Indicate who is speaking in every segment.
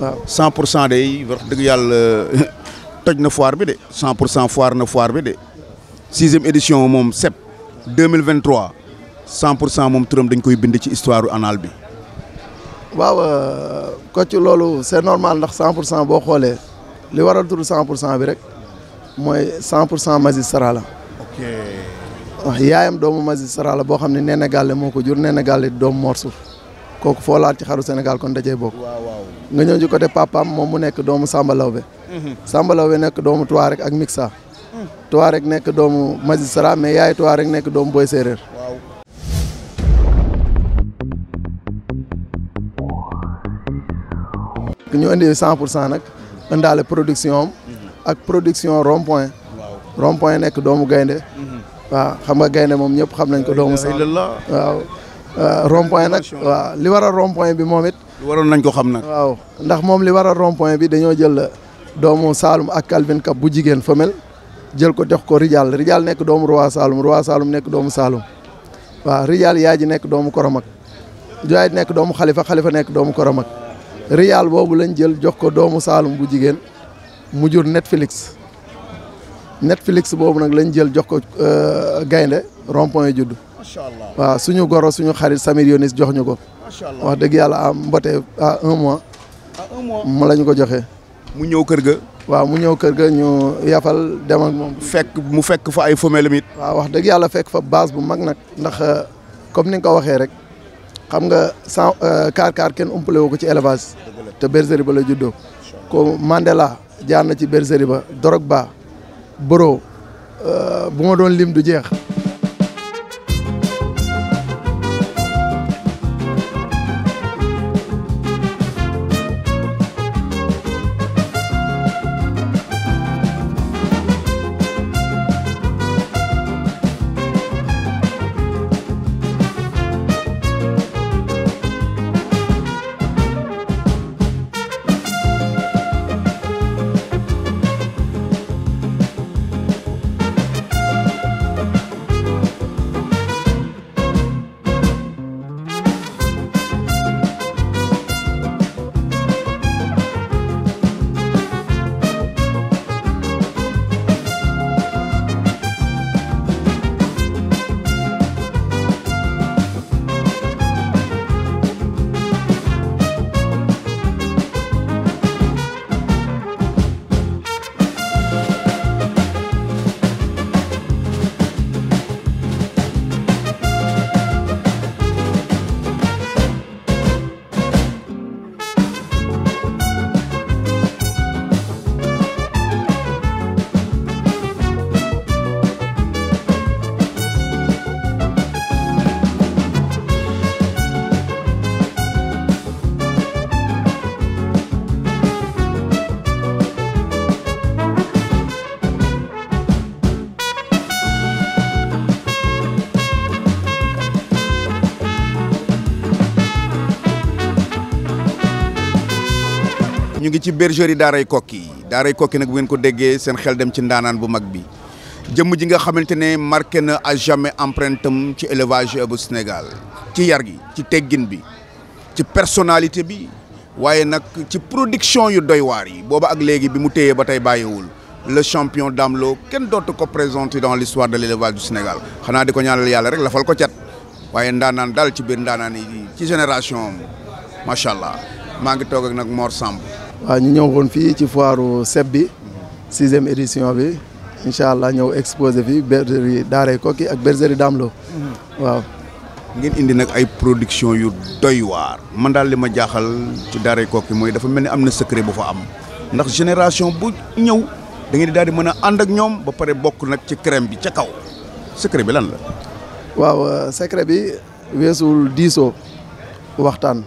Speaker 1: 100 de cent day wax dëgg yàlla toj na foire bi de 100 foire na foire bi de sixième édition mom sept 2023 100 mom turam dañ koy bind ci histoire anal bi.
Speaker 2: waaw euh, Kocc lolu c'est normal ndax 100 bo xolé li waral turu 100 bi rek moy 100 pour sara la. ok. wax yaayam doomu sara la bo xamni ne Néné Galle moo jur Néné Galle doomu Mor Suuf kooku foo laal ci xaru Sénégal kon dajee bokk. nga ñëw ci côté papaam moom mu nekk doomu Samba Lawbe. Mhm. Samba Lawbe nekk doomu Touareg ak Mixa. Mhm. Touareg nekk doomu magistrat mais yaay Touareg nekk doomu Boy Séeréer. ñu indi cent pour cent nag indaale production mhm. ak production rond point nekk doomu gaynde waaw xam nga gaynde moom ñëpp xam nañ ko doomu sax waaw Euh, rond point nag waaw li war a point bi moom it. waroon nañ ko xam nag. waaw ndax moom li war a point bi dañoo jël doomu Saalum ak Calvin Cap bu jigéen femelle jël ko jox ko Rijal Rijal nekk doomu Roi Saalum Roi Saalum nekk doomu Saalum waaw Rijal yaa ji nekk doomu Koromak Joyaay nekk doomu Khalifa Khalifa nekk doomu Koromak Rijal boobu lañ jël jox ko doomu Saalum bu jigéen mu jur Netflix Netflix boobu nag lañ jël jox ko euh, gaynde rond point judd. waaw suñu goro suñu xarit Samir Yonis jox ñu ko
Speaker 1: wax dëgg yàlla am
Speaker 2: mbote à un mois mu lañu ko joxe mu ñëw kër ga waaw mu ñëw kër ga ñu yafal dem ak moom fekk mu fekk fa ay femelles it waaw wax dëgg yàlla fekk fa base bu mag nag ndax euh, comme ni nga ko waxee rek xam nga sans kaar kaar kenn umpale wu ko ci élevage te bergerie ba la juddoo ko Mandela jaar na ci bergerie ba Drogba Boro euh, bu ma doon lim du jeex
Speaker 1: ñu ngi ci bergerie daaray kokki daaray kokki nak bu ngeen ko déggee seen xel dem ci ndanan bu mag bi jëmm ji nga xamantene marqué na à jamais empreinte ci élevage au Sénégal ci yar gi ci teggin bi ci personnalité bi waye nak ci production yu doy war yi booba ak léegi bi mu téyee ba tey bàyyiwul le champion Damlo ken dootu ko présenté dans l'histoire de l'élevage du Sénégal xana diko ñaanal yalla rek la fal ko ciat waye ndanan dal ci bir ndanan yi ci génération machallah ma ngi toog ak nag Mor Samb
Speaker 2: waaw ñu ñëw woon fii ci foiru seb bi sixième édition bi incha allah ñëw exposé fii bergerie Daaray Koki ak bergerie Dame Lo waaw
Speaker 1: ngeen indi nag ay production yu doy waar man daal li ma jaaxal ci Daaray Koki mooy dafa mel ni am na secret bu fa am ndax génération bu ñëw da ngeen di daal di mën a ànd ak ñoom ba pare bokk nag ci crème bi ca kaw secret bi lan la
Speaker 2: waaw euh, secret bi weesul diisoo waxtaan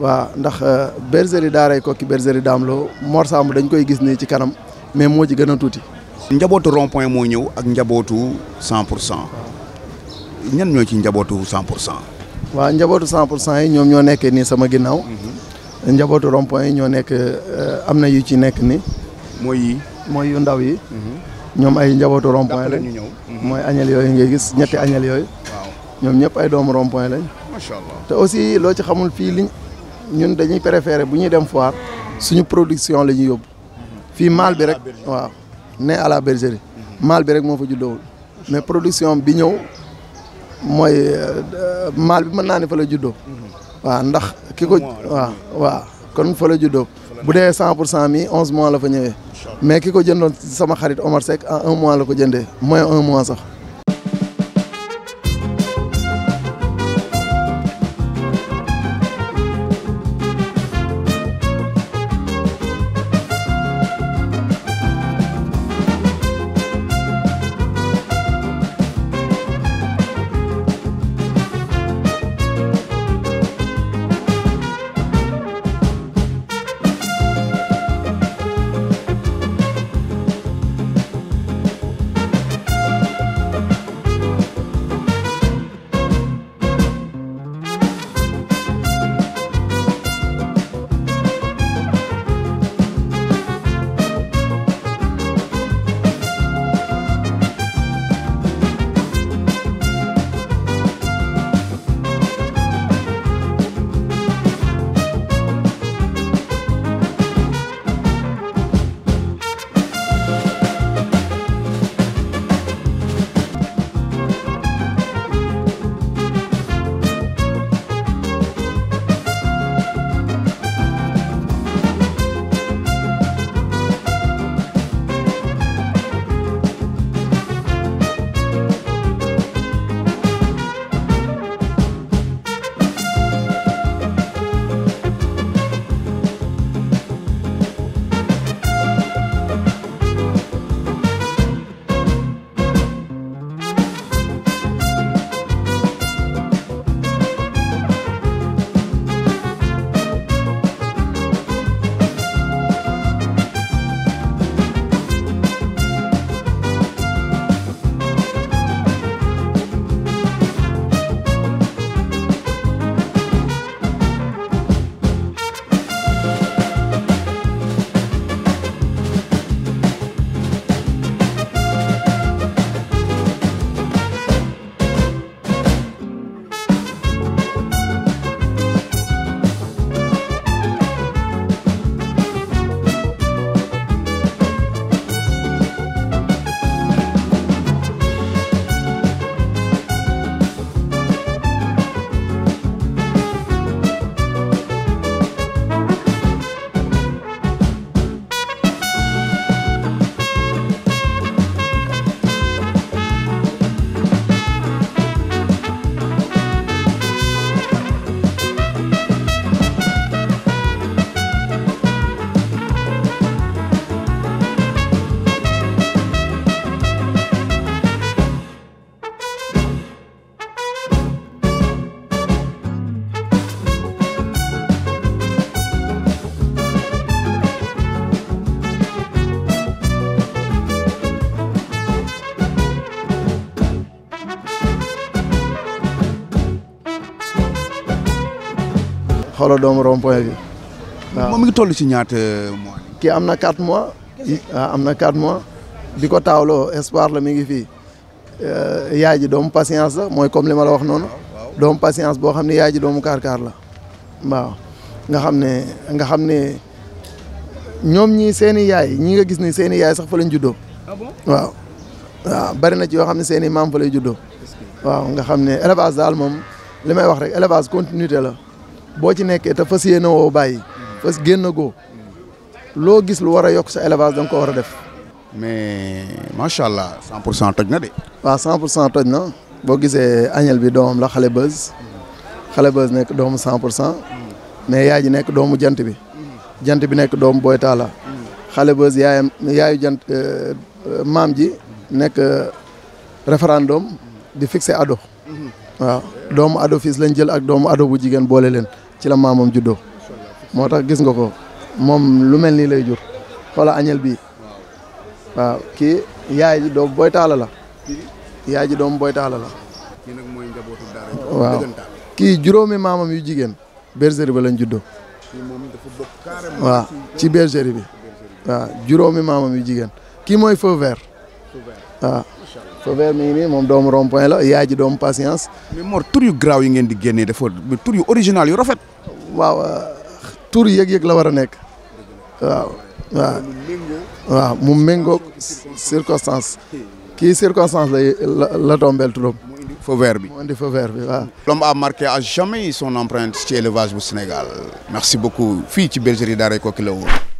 Speaker 2: waaw ndax euh, bergerie daaray
Speaker 1: Koki bergerie Dame Lo Mor Samb dañ koy gis nii ci kanam mais moo ci gën a tuuti. njabootu rond point moo ñëw ak njabootu 100 pour cent ñan ñoo ci njabootu 100 pour
Speaker 2: cent. waaw njabootu 100 pour cent yi ñoom ñoo nekkee nii sama ginnaaw.
Speaker 1: Mhm.
Speaker 2: njabootu rond point yi ñoo nekk euh, am na yu ci nekk nii. mooy yi mooy yu
Speaker 1: ndaw yi. Mhm.
Speaker 2: ñoom ay njabootu rond point lañ. Mhm. mooy añel yooyu ngay gis ñetti añel yooyu. ñoom ñëpp ay doomu rond point lañ.
Speaker 1: macha allah te aussi
Speaker 2: loo ci xamul fii liñ. ñun dañuy préférer bu ñuy dem foar suñu production lañuy yob fi mal bi rek waaw né à la bergerie mal bi rek mo fa juddoowul mais production bi ñew moy euh, mal bi mën naa fa la juddoo waaw ndax kiko waaw waaw kon fa la juddoo bu dé 100% mi 11 mois la fa ñewé mais kiko jëndon sama xarit Omar Seck en un mois la ko jëndé moins 1 mois sax xoola doomu rond point bi
Speaker 1: waaw. moom mi toll ci
Speaker 2: ñaata mois. kii am na quatre mois. waaw ah, am na quatre mois. di ko taawloo espoir la mi ngi fii eh, yaay ji doomu patience la mooy comme li ma la wax noonu. doomu patience boo xam ne yaay ji doomu kaar kaar la. waaw nga xam ne nga xam ne ñoom ñii seeni yaay ñi nga gis ni seeni yaay sax fa lañ juddoo. Ah waaw bari na ci yoo xam ne seen i maam fa lay juddoo. waaw nga xam ne élevage daal moom li may wax rek élevage continuité la. boo ci nekkee te fas yéene woo bàyyi fas génn goo loo gis lu war a yokk sa élevage da nga ko war a def. mais macha allah
Speaker 1: 100 cent toj na de.
Speaker 2: waa 100 cent toj na boo gisee añel bi doomam la xale bës xale nekk doomu 100 pour cent mais yaay ji nekk doomu jant bi jant bi nekk doomu boy taala xale bës yaayam yaayu jant euh, euh, maam ji nekk euh, référendum di fixé ado waaw doomu ado fils lañ jël ak doomu ado bu jigéen boole leen. ci la maamam juddoo moo tax gis nga ko moom lu mel nii lay jur xoola añel bi waaw kii yaay ji doom booy taala la yaay ji doom booy taala la waaw kii juróomi maamam yu jigéen bergerie ba lañ juddoo waaw ci bergerie bi waaw juróomi maamam yu jigéen kii mooy feu vert waaw Faubert mi ngi nii moom doomu rond point la yaay ji patience. mais Mor tur yu garaaw yi ngeen di génnee dafa tur yu original yu rafet. waaw euh, tur yëg-yëg la war a nekk. waaw waaw waaw mu méngóog circonstance kii circonstance la la tombeel turam. feu vert bi mu indi feu vert bi waaw.
Speaker 1: l'homme a marqué à jamais son empreinte ci l'élevage au Sénégal merci beaucoup fii ci bergerie Daaray Koki la woon.